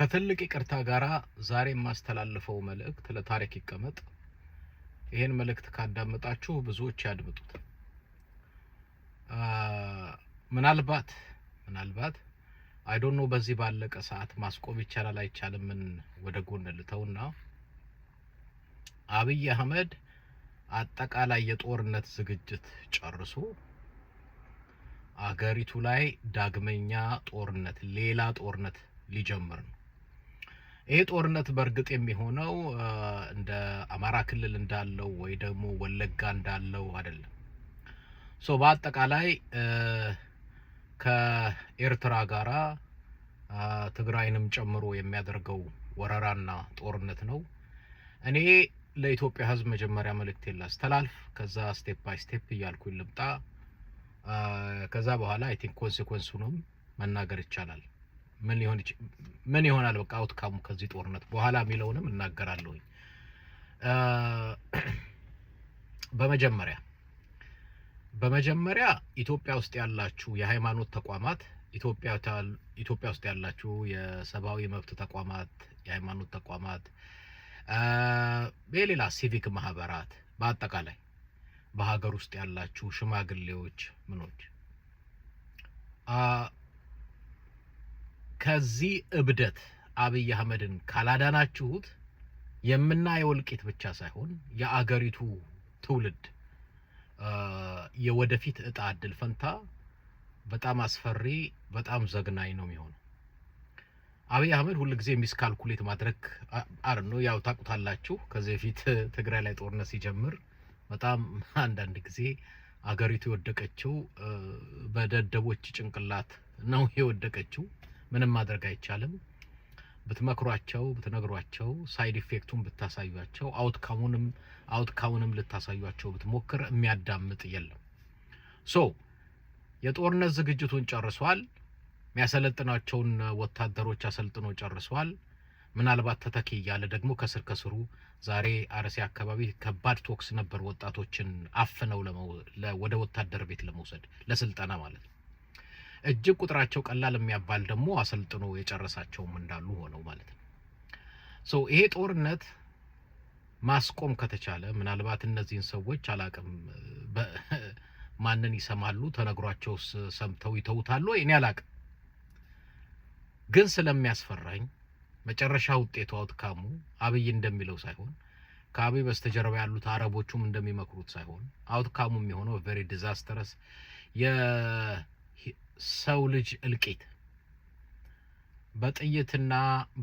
ከትልቅ ይቅርታ ጋር ዛሬ የማስተላልፈው መልእክት ለታሪክ ይቀመጥ። ይህን መልእክት ካዳመጣችሁ ብዙዎች ያድምጡት። ምናልባት ምናልባት አይዶኖ በዚህ ባለቀ ሰዓት ማስቆም ይቻላል ምን ወደ ጎን ልተውና አብይ አህመድ አጠቃላይ የጦርነት ዝግጅት ጨርሶ አገሪቱ ላይ ዳግመኛ ጦርነት ሌላ ጦርነት ሊጀምር ነው። ይሄ ጦርነት በእርግጥ የሚሆነው እንደ አማራ ክልል እንዳለው ወይ ደግሞ ወለጋ እንዳለው አይደለም። ሶ በአጠቃላይ ከኤርትራ ጋራ ትግራይንም ጨምሮ የሚያደርገው ወረራና ጦርነት ነው። እኔ ለኢትዮጵያ ሕዝብ መጀመሪያ መልእክቴን ላስተላልፍ፣ ከዛ ስቴፕ ባይ ስቴፕ እያልኩኝ ልምጣ። ከዛ በኋላ አይ ቲንክ ኮንሲኮንሱንም መናገር ይቻላል። ምን ሊሆን ምን ይሆናል በቃ አውትካሙ ከዚህ ጦርነት በኋላ የሚለውንም እናገራለሁኝ። በመጀመሪያ በመጀመሪያ ኢትዮጵያ ውስጥ ያላችሁ የሃይማኖት ተቋማት ኢትዮጵያ ውስጥ ያላችሁ የሰብአዊ መብት ተቋማት፣ የሃይማኖት ተቋማት፣ የሌላ ሲቪክ ማህበራት፣ በአጠቃላይ በሀገር ውስጥ ያላችሁ ሽማግሌዎች ምኖች ከዚህ እብደት አብይ አህመድን ካላዳናችሁት የምናየው እልቂት ብቻ ሳይሆን የአገሪቱ ትውልድ የወደፊት እጣ እድል ፈንታ በጣም አስፈሪ፣ በጣም ዘግናኝ ነው የሚሆነው። አብይ አህመድ ሁልጊዜ ሚስ ካልኩሌት ማድረግ አር ነው ያው ታቁታላችሁ። ከዚህ በፊት ትግራይ ላይ ጦርነት ሲጀምር በጣም አንዳንድ ጊዜ አገሪቱ የወደቀችው በደደቦች ጭንቅላት ነው የወደቀችው። ምንም ማድረግ አይቻልም። ብትመክሯቸው፣ ብትነግሯቸው፣ ሳይድ ኢፌክቱን ብታሳዩቸው፣ አውትካሙንም አውትካሙንም ልታሳዩቸው ብትሞክር የሚያዳምጥ የለም። ሶ የጦርነት ዝግጅቱን ጨርሷል። የሚያሰለጥናቸውን ወታደሮች አሰልጥኖ ጨርሷል። ምናልባት ተተኪ እያለ ደግሞ ከስር ከስሩ ዛሬ አርሲ አካባቢ ከባድ ቶክስ ነበር፣ ወጣቶችን አፍነው ወደ ወታደር ቤት ለመውሰድ ለስልጠና ማለት ነው። እጅግ ቁጥራቸው ቀላል የሚያባል ደግሞ አሰልጥኖ የጨረሳቸውም እንዳሉ ሆነው ማለት ነው። ይሄ ጦርነት ማስቆም ከተቻለ ምናልባት እነዚህን ሰዎች አላቅም ማንን ይሰማሉ? ተነግሯቸው ሰምተው ይተውታሉ? እኔ አላቅም። ግን ስለሚያስፈራኝ መጨረሻ ውጤቱ አውትካሙ አብይ እንደሚለው ሳይሆን ከአብይ በስተጀርባ ያሉት አረቦቹም እንደሚመክሩት ሳይሆን አውትካሙ የሚሆነው ቨሪ ዲዛስተረስ ሰው ልጅ እልቂት በጥይትና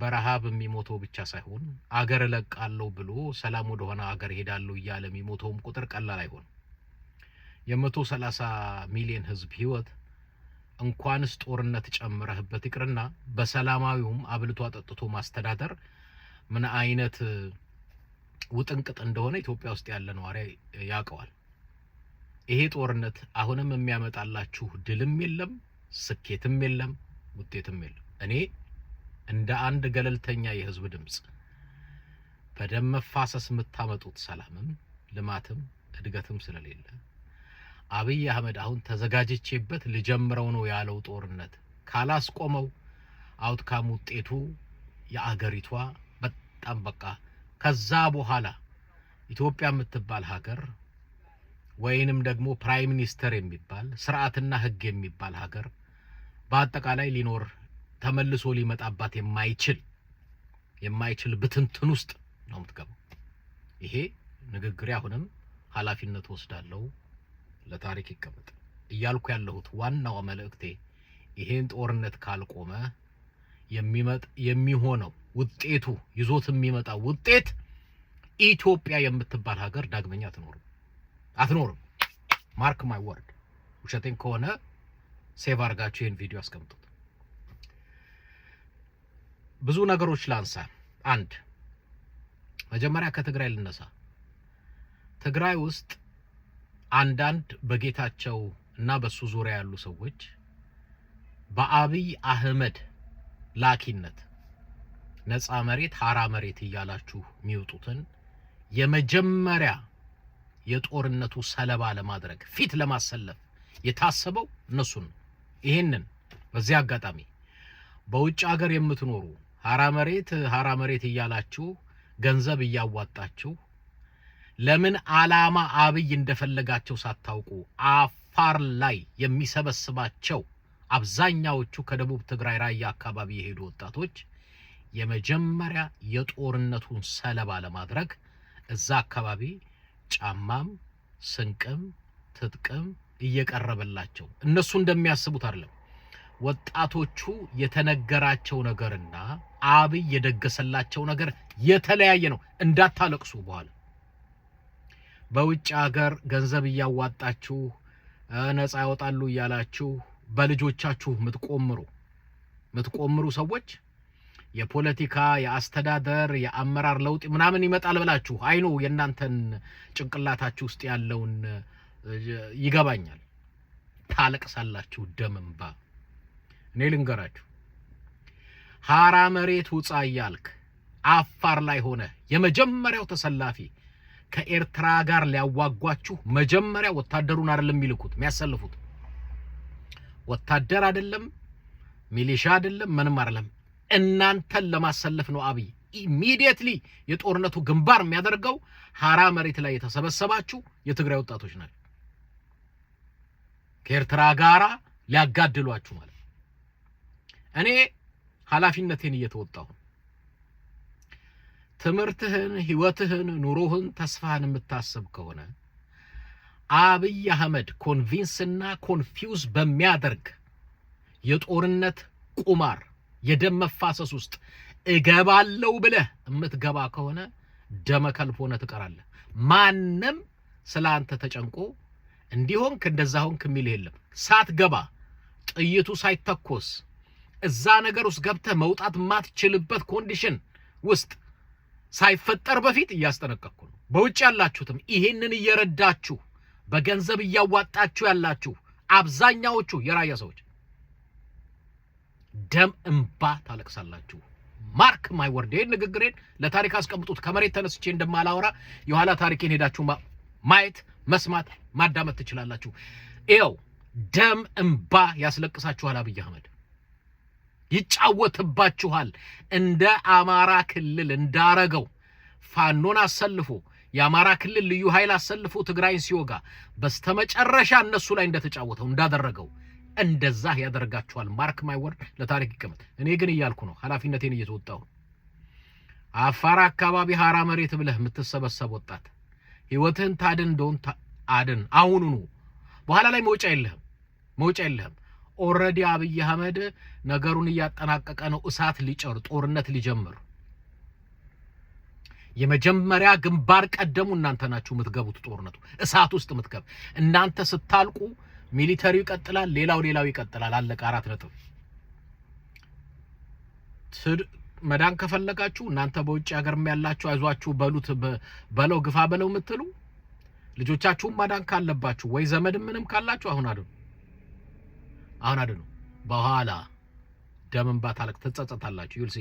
በረሃብ የሚሞተው ብቻ ሳይሆን አገር እለቃለሁ ብሎ ሰላም ወደሆነ አገር ሄዳለሁ እያለ የሚሞተውም ቁጥር ቀላል አይሆን። የመቶ ሰላሳ ሚሊዮን ህዝብ ህይወት እንኳንስ ጦርነት ጨምረህበት ይቅርና በሰላማዊውም አብልቶ አጠጥቶ ማስተዳደር ምን አይነት ውጥንቅጥ እንደሆነ ኢትዮጵያ ውስጥ ያለ ነዋሪ ያውቀዋል። ይሄ ጦርነት አሁንም የሚያመጣላችሁ ድልም የለም፣ ስኬትም የለም፣ ውጤትም የለም። እኔ እንደ አንድ ገለልተኛ የህዝብ ድምፅ በደም መፋሰስ የምታመጡት ሰላምም ልማትም እድገትም ስለሌለ አብይ አህመድ አሁን ተዘጋጅቼበት ልጀምረው ነው ያለው ጦርነት ካላስቆመው አውትካም ውጤቱ የአገሪቷ በጣም በቃ ከዛ በኋላ ኢትዮጵያ የምትባል ሀገር ወይንም ደግሞ ፕራይም ሚኒስተር የሚባል ስርዓትና ህግ የሚባል ሀገር በአጠቃላይ ሊኖር ተመልሶ ሊመጣባት የማይችል የማይችል ብትንትን ውስጥ ነው የምትገባው። ይሄ ንግግሬ አሁንም ኃላፊነት ወስዳለው ለታሪክ ይቀመጥ እያልኩ ያለሁት ዋናው መልእክቴ ይሄን ጦርነት ካልቆመ የሚመጥ የሚሆነው ውጤቱ ይዞት የሚመጣው ውጤት ኢትዮጵያ የምትባል ሀገር ዳግመኛ ትኖርም። አትኖርም። ማርክ ማይ ወርድ። ውሸቴን ከሆነ ሴቭ አርጋችሁ ይህን ቪዲዮ አስቀምጡት። ብዙ ነገሮች ላንሳ። አንድ መጀመሪያ ከትግራይ ልነሳ። ትግራይ ውስጥ አንዳንድ በጌታቸው እና በሱ ዙሪያ ያሉ ሰዎች በአብይ አህመድ ላኪነት ነፃ መሬት ሀራ መሬት እያላችሁ የሚወጡትን የመጀመሪያ የጦርነቱ ሰለባ ለማድረግ ፊት ለማሰለፍ የታሰበው እነሱን ነው። ይህንን በዚህ አጋጣሚ በውጭ ሀገር የምትኖሩ ሀራ መሬት ሀራ መሬት እያላችሁ ገንዘብ እያዋጣችሁ ለምን ዓላማ አብይ እንደፈለጋቸው ሳታውቁ አፋር ላይ የሚሰበስባቸው አብዛኛዎቹ ከደቡብ ትግራይ ራያ አካባቢ የሄዱ ወጣቶች የመጀመሪያ የጦርነቱን ሰለባ ለማድረግ እዛ አካባቢ ጫማም ስንቅም ትጥቅም እየቀረበላቸው እነሱ እንደሚያስቡት አይደለም። ወጣቶቹ የተነገራቸው ነገርና አብይ የደገሰላቸው ነገር የተለያየ ነው። እንዳታለቅሱ በኋላ በውጭ ሀገር ገንዘብ እያዋጣችሁ ነፃ ያወጣሉ እያላችሁ በልጆቻችሁ ምትቆምሩ ምትቆምሩ ሰዎች የፖለቲካ የአስተዳደር የአመራር ለውጥ ምናምን ይመጣል ብላችሁ አይኑ የእናንተን ጭንቅላታችሁ ውስጥ ያለውን ይገባኛል። ታለቅሳላችሁ ደም እንባ። እኔ ልንገራችሁ ሀራ መሬት ውጻ እያልክ አፋር ላይ ሆነ የመጀመሪያው ተሰላፊ ከኤርትራ ጋር ሊያዋጓችሁ መጀመሪያ ወታደሩን አይደለም የሚልኩት የሚያሰልፉት ወታደር አይደለም ሚሊሻ አይደለም ምንም አይደለም እናንተን ለማሰለፍ ነው አብይ ኢሚዲየትሊ የጦርነቱ ግንባር የሚያደርገው ሀራ መሬት ላይ የተሰበሰባችሁ የትግራይ ወጣቶች ናቸው። ከኤርትራ ጋራ ሊያጋድሏችሁ ማለት ነው። እኔ ኃላፊነቴን እየተወጣሁ ትምህርትህን፣ ህይወትህን፣ ኑሮህን፣ ተስፋህን የምታስብ ከሆነ አብይ አህመድ ኮንቪንስና ኮንፊውዝ በሚያደርግ የጦርነት ቁማር የደም መፋሰስ ውስጥ እገባለው ብለህ የምትገባ ከሆነ ደመ ከልብ ሆነህ ትቀራለህ። ማንም ስለ አንተ ተጨንቆ እንዲሆንክ እንደዛ ሆንክ የሚል የለም። ሳትገባ ጥይቱ ሳይተኮስ እዛ ነገር ውስጥ ገብተህ መውጣት የማትችልበት ኮንዲሽን ውስጥ ሳይፈጠር በፊት እያስጠነቀቅኩ ነው። በውጭ ያላችሁትም ይሄንን እየረዳችሁ በገንዘብ እያዋጣችሁ ያላችሁ አብዛኛዎቹ የራያ ሰዎች ደም እንባ ታለቅሳላችሁ። ማርክ ማይ ወርድ። ይህን ንግግሬን ለታሪክ አስቀምጡት። ከመሬት ተነስቼ እንደማላወራ የኋላ ታሪኬን ሄዳችሁ ማየት፣ መስማት፣ ማዳመጥ ትችላላችሁ። ይኸው ደም እንባ ያስለቅሳችኋል። አብይ አህመድ ይጫወትባችኋል። እንደ አማራ ክልል እንዳረገው ፋኖን አሰልፎ የአማራ ክልል ልዩ ኃይል አሰልፎ ትግራይን ሲወጋ በስተመጨረሻ እነሱ ላይ እንደተጫወተው እንዳደረገው እንደዛ ያደርጋችኋል። ማርክ ማይ ወርድ ለታሪክ ይቀመጥ። እኔ ግን እያልኩ ነው፣ ኃላፊነቴን እየተወጣሁ አፋር አካባቢ ሀራ መሬት ብለህ የምትሰበሰብ ወጣት ህይወትህን ታድን እንደሆን አድን አሁኑኑ። በኋላ ላይ መውጫ የለህም፣ መውጫ የለህም። ኦረዲ አብይ አህመድ ነገሩን እያጠናቀቀ ነው። እሳት ሊጨር ጦርነት ሊጀምር የመጀመሪያ ግንባር ቀደሙ እናንተ ናችሁ የምትገቡት ጦርነቱ እሳት ውስጥ የምትገብ እናንተ ስታልቁ ሚሊተሪው ይቀጥላል፣ ሌላው ሌላው ይቀጥላል። አለቀ። አራት ነጥብ። መዳን ከፈለጋችሁ እናንተ በውጭ ሀገር ያላችሁ አይዟችሁ በሉት በለው ግፋ በለው የምትሉ ልጆቻችሁም ማዳን ካለባችሁ ወይ ዘመድ ምንም ካላችሁ አሁን አድኑ፣ አሁን አድኑ። በኋላ ደምን እንባ ታለቅ ትጸጸታላችሁ። ዩልሲ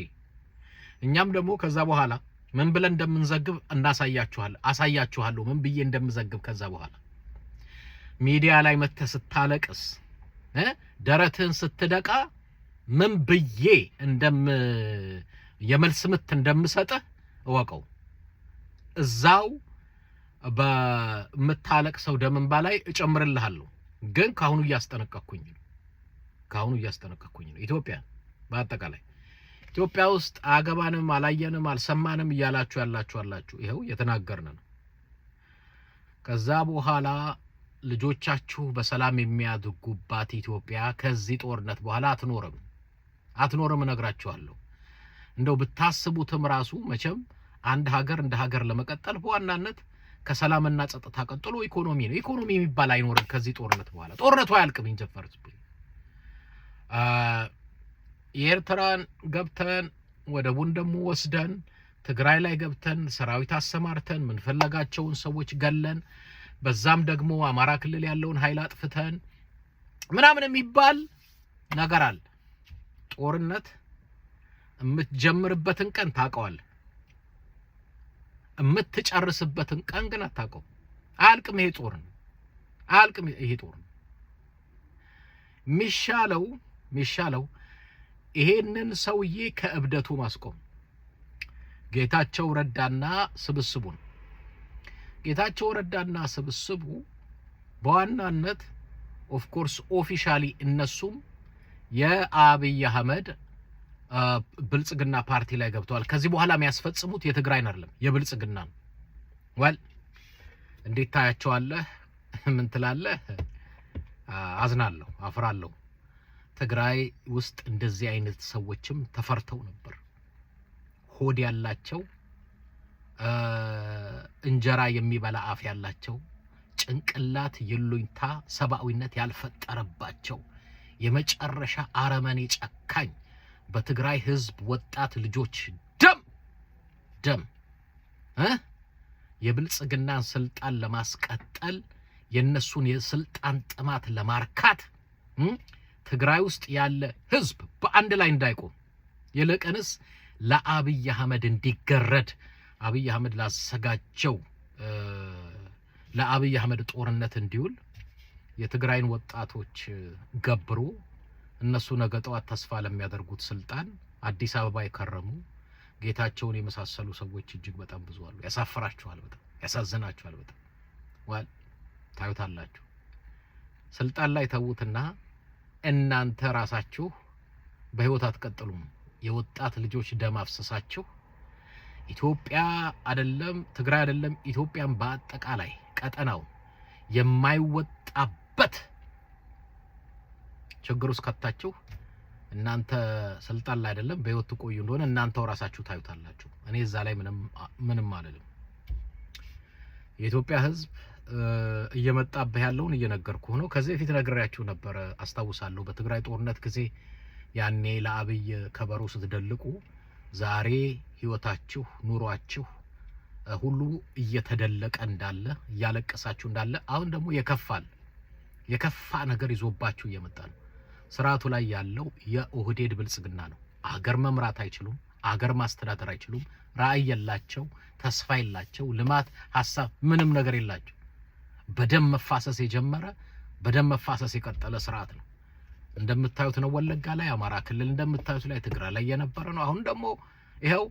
እኛም ደግሞ ከዛ በኋላ ምን ብለን እንደምንዘግብ እናሳያችኋል፣ አሳያችኋለሁ ምን ብዬ እንደምዘግብ ከዛ በኋላ ሚዲያ ላይ መጥተህ ስታለቅስ ደረትህን ስትደቃ ምን ብዬ እንደም የመልስ ምት እንደምሰጥህ እወቀው። እዛው በምታለቅሰው ደምንባ ላይ እጨምርልሃለሁ። ግን ከአሁኑ እያስጠነቀኩኝ ነው። ከአሁኑ እያስጠነቀኩኝ ነው። ኢትዮጵያ በአጠቃላይ ኢትዮጵያ ውስጥ አገባንም አላየንም አልሰማንም እያላችሁ ያላችሁ አላችሁ። ይኸው እየተናገርን ነው። ከዛ በኋላ ልጆቻችሁ በሰላም የሚያድጉባት ኢትዮጵያ ከዚህ ጦርነት በኋላ አትኖርም አትኖርም፣ እነግራችኋለሁ። እንደው ብታስቡትም ራሱ መቼም አንድ ሀገር እንደ ሀገር ለመቀጠል በዋናነት ከሰላምና ጸጥታ ቀጥሎ ኢኮኖሚ ነው። ኢኮኖሚ የሚባል አይኖርም ከዚህ ጦርነት በኋላ። ጦርነቱ አያልቅም። ኢንጀፈርስ የኤርትራን ገብተን ወደቡን ደግሞ ወስደን ትግራይ ላይ ገብተን ሰራዊት አሰማርተን ምንፈለጋቸውን ሰዎች ገለን በዛም ደግሞ አማራ ክልል ያለውን ኃይል አጥፍተን ምናምን የሚባል ነገር አለ። ጦርነት የምትጀምርበትን ቀን ታውቀዋለህ፣ የምትጨርስበትን ቀን ግን አታውቀውም። አያልቅም ይሄ ጦርን አያልቅም ይሄ ጦር ሚሻለው ሚሻለው ይሄንን ሰውዬ ከእብደቱ ማስቆም ጌታቸው ረዳና ስብስቡን ጌታቸው ረዳና ስብስቡ በዋናነት ኦፍኮርስ ኦፊሻሊ እነሱም የአብይ አህመድ ብልጽግና ፓርቲ ላይ ገብተዋል። ከዚህ በኋላ የሚያስፈጽሙት የትግራይን አይደለም የብልጽግና ነው። ወል እንዴት ታያቸዋለህ? ምን ትላለህ? አዝናለሁ፣ አፍራለሁ። ትግራይ ውስጥ እንደዚህ አይነት ሰዎችም ተፈርተው ነበር። ሆድ ያላቸው እንጀራ የሚበላ አፍ ያላቸው ጭንቅላት ይሉኝታ ሰብአዊነት ያልፈጠረባቸው የመጨረሻ አረመኔ ጨካኝ በትግራይ ህዝብ ወጣት ልጆች ደም ደም እ የብልጽግናን ስልጣን ለማስቀጠል የእነሱን የስልጣን ጥማት ለማርካት ትግራይ ውስጥ ያለ ህዝብ በአንድ ላይ እንዳይቆም ይልቅንስ ለአብይ አህመድ እንዲገረድ አብይ አህመድ ላሰጋቸው ለአብይ አህመድ ጦርነት እንዲውል የትግራይን ወጣቶች ገብሮ እነሱ ነገ ጠዋት ተስፋ ለሚያደርጉት ስልጣን አዲስ አበባ የከረሙ ጌታቸውን የመሳሰሉ ሰዎች እጅግ በጣም ብዙ አሉ። ያሳፍራችኋል፣ በጣም ያሳዝናችኋል። በጣም ዋል ታዩታላችሁ። ስልጣን ላይ ተዉትና እናንተ ራሳችሁ በህይወት አትቀጥሉም። የወጣት ልጆች ደም አፍሰሳችሁ ኢትዮጵያ አይደለም ትግራይ አይደለም ኢትዮጵያን በአጠቃላይ ቀጠናው የማይወጣበት ችግር ውስጥ ከታችሁ እናንተ ስልጣን ላይ አይደለም በህይወት ትቆዩ እንደሆነ እናንተው ራሳችሁ ታዩታላችሁ። እኔ እዛ ላይ ምንም ምንም አልልም። የኢትዮጵያ ህዝብ እየመጣብህ ያለውን እየነገርኩህ ነው። ከዚህ በፊት ነግሬያችሁ ነበረ አስታውሳለሁ። በትግራይ ጦርነት ጊዜ ያኔ ለአብይ ከበሮ ስትደልቁ ዛሬ ህይወታችሁ፣ ኑሯችሁ ሁሉ እየተደለቀ እንዳለ እያለቀሳችሁ እንዳለ አሁን ደግሞ የከፋል የከፋ ነገር ይዞባችሁ እየመጣ ነው። ስርዓቱ ላይ ያለው የኦህዴድ ብልጽግና ነው። አገር መምራት አይችሉም። አገር ማስተዳደር አይችሉም። ራዕይ የላቸው፣ ተስፋ የላቸው፣ ልማት ሀሳብ፣ ምንም ነገር የላቸው። በደም መፋሰስ የጀመረ በደም መፋሰስ የቀጠለ ስርዓት ነው። እንደምታዩት ነው። ወለጋ ላይ፣ አማራ ክልል እንደምታዩት ላይ፣ ትግራይ ላይ የነበረ ነው። አሁን ደግሞ ይኸው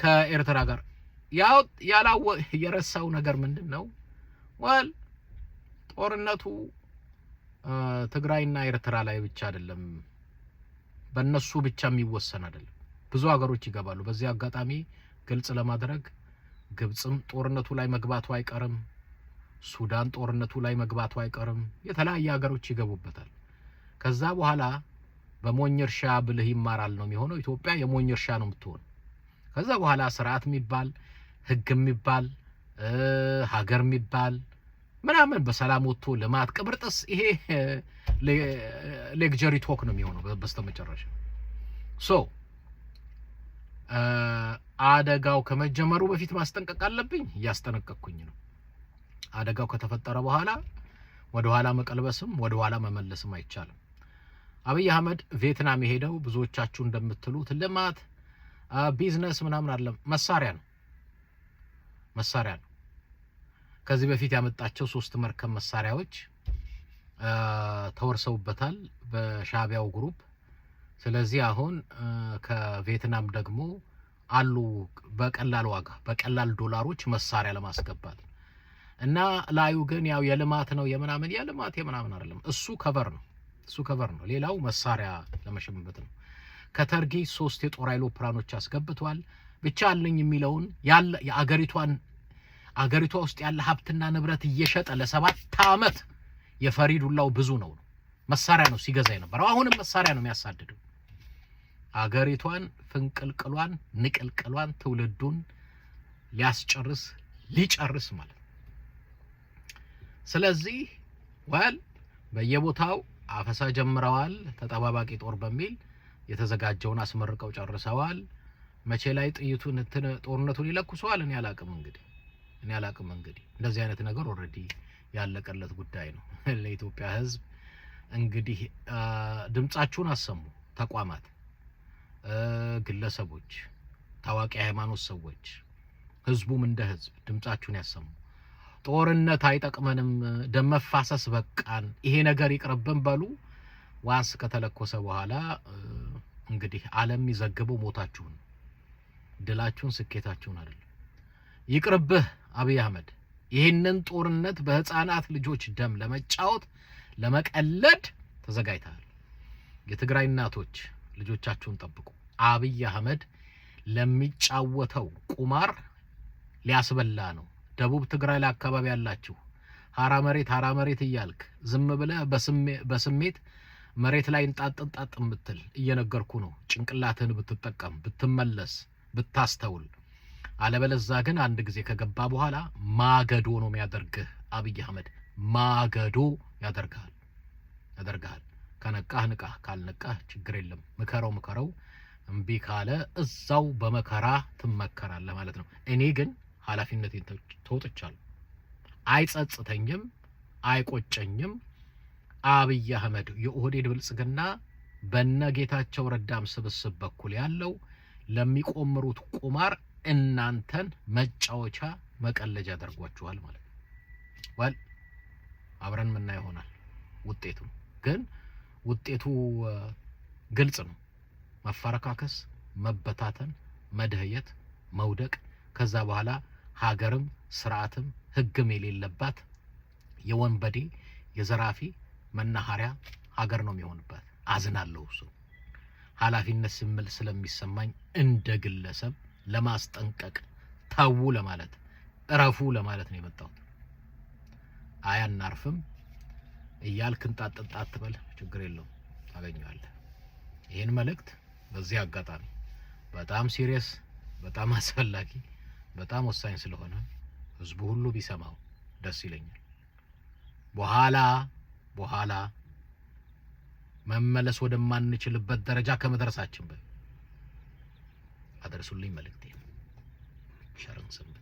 ከኤርትራ ጋር ያው ያላወ የረሳው ነገር ምንድን ነው? ወል ጦርነቱ ትግራይና ኤርትራ ላይ ብቻ አይደለም፣ በእነሱ ብቻ የሚወሰን አይደለም። ብዙ ሀገሮች ይገባሉ። በዚህ አጋጣሚ ግልጽ ለማድረግ ግብጽም ጦርነቱ ላይ መግባቱ አይቀርም። ሱዳን ጦርነቱ ላይ መግባቱ አይቀርም። የተለያየ ሀገሮች ይገቡበታል። ከዛ በኋላ በሞኝ እርሻ ብልህ ይማራል ነው የሚሆነው። ኢትዮጵያ የሞኝ እርሻ ነው የምትሆን። ከዛ በኋላ ስርዓት የሚባል ህግ የሚባል ሀገር የሚባል ምናምን በሰላም ወጥቶ ልማት ቅብርጥስ፣ ይሄ ሌክጀሪ ቶክ ነው የሚሆነው በስተመጨረሻ። ሶ አደጋው ከመጀመሩ በፊት ማስጠንቀቅ አለብኝ፣ እያስጠነቀቅኩኝ ነው። አደጋው ከተፈጠረ በኋላ ወደኋላ መቀልበስም ወደኋላ መመለስም አይቻልም። አብይ አህመድ ቪየትናም የሄደው ብዙዎቻችሁ እንደምትሉት ልማት፣ ቢዝነስ ምናምን አይደለም፣ መሳሪያ ነው መሳሪያ ነው። ከዚህ በፊት ያመጣቸው ሶስት መርከብ መሳሪያዎች ተወርሰውበታል በሻቢያው ግሩፕ። ስለዚህ አሁን ከቪየትናም ደግሞ አሉ በቀላል ዋጋ በቀላል ዶላሮች መሳሪያ ለማስገባት እና ላዩ ግን ያው የልማት ነው የምናምን የልማት የምናምን አይደለም፣ እሱ ከበር ነው እሱ ከቨር ነው። ሌላው መሳሪያ ለመሸመበት ነው። ከተርጊ ሶስት የጦር አይሮፕላኖች አስገብቷል። ብቻ አለኝ የሚለውን ያለ የአገሪቷን አገሪቷ ውስጥ ያለ ሀብትና ንብረት እየሸጠ ለሰባት አመት የፈሪዱላው ብዙ ነው ነው መሳሪያ ነው ሲገዛ የነበረው። አሁንም መሳሪያ ነው የሚያሳድደው። አገሪቷን ፍንቅልቅሏን፣ ንቅልቅሏን፣ ትውልዱን ሊያስጨርስ ሊጨርስ ማለት ነው። ስለዚህ ወል በየቦታው አፈሳ ጀምረዋል። ተጠባባቂ ጦር በሚል የተዘጋጀውን አስመርቀው ጨርሰዋል። መቼ ላይ ጥይቱን ጦርነቱን ይለኩሰዋል? እኔ አላቅም እንግዲህ እኔ አላቅም እንግዲህ። እንደዚህ አይነት ነገር ኦልሬዲ ያለቀለት ጉዳይ ነው። ለኢትዮጵያ ሕዝብ እንግዲህ ድምጻችሁን አሰሙ። ተቋማት፣ ግለሰቦች፣ ታዋቂ ሃይማኖት ሰዎች፣ ህዝቡም እንደ ህዝብ ድምጻችሁን ያሰሙ። ጦርነት አይጠቅመንም፣ ደም መፋሰስ በቃን፣ ይሄ ነገር ይቅርብን በሉ። ዋስ ከተለኮሰ በኋላ እንግዲህ ዓለም የሚዘግበው ሞታችሁን፣ ድላችሁን፣ ስኬታችሁን አይደለም። ይቅርብህ አብይ አህመድ ይህንን ጦርነት በህፃናት ልጆች ደም ለመጫወት ለመቀለድ ተዘጋጅተሃል። የትግራይ እናቶች ልጆቻችሁን ጠብቁ። አብይ አህመድ ለሚጫወተው ቁማር ሊያስበላ ነው። ደቡብ ትግራይ ላይ አካባቢ ያላችሁ ሀራ መሬት ሀራ መሬት እያልክ ዝም ብለ በስሜት መሬት ላይ እንጣጥ እንጣጥ የምትል እየነገርኩ ነው። ጭንቅላትህን ብትጠቀም ብትመለስ፣ ብታስተውል። አለበለዛ ግን አንድ ጊዜ ከገባ በኋላ ማገዶ ነው የሚያደርግህ አብይ አህመድ ማገዶ ያደርግሃል ያደርግሃል። ከነቃህ ንቃህ፣ ካልነቃህ ችግር የለም። ምከረው ምከረው፣ እምቢ ካለ እዛው በመከራ ትመከራለህ ማለት ነው። እኔ ግን ኃላፊነቴን ተወጥቻለሁ። አይጸጽተኝም፣ አይቆጨኝም። አብይ አህመድ የኦህዴድ ብልጽግና በነ ጌታቸው ረዳም ስብስብ በኩል ያለው ለሚቆምሩት ቁማር እናንተን መጫወቻ መቀለጃ አድርጓችኋል ማለት ነው። ወል አብረን ምና ይሆናል ውጤቱ ግን ውጤቱ ግልጽ ነው። መፈረካከስ፣ መበታተን፣ መድህየት፣ መውደቅ ከዛ በኋላ ሀገርም ስርዓትም ህግም የሌለባት የወንበዴ የዘራፊ መናኸሪያ ሀገር ነው የሚሆንባት። አዝናለሁ። እሱ ኃላፊነት ስምል ስለሚሰማኝ እንደ ግለሰብ ለማስጠንቀቅ ታዉ ለማለት እረፉ ለማለት ነው የመጣሁት። አይ አናርፍም እያልክን ጣጥጣ ትበል ችግር የለው ታገኘዋለህ። ይህን መልእክት በዚህ አጋጣሚ በጣም ሲሪየስ በጣም አስፈላጊ በጣም ወሳኝ ስለሆነ ህዝቡ ሁሉ ቢሰማው ደስ ይለኛል። በኋላ በኋላ መመለስ ወደማንችልበት ደረጃ ከመድረሳችን በ አድርሱልኝ መልእክቴ ሸርን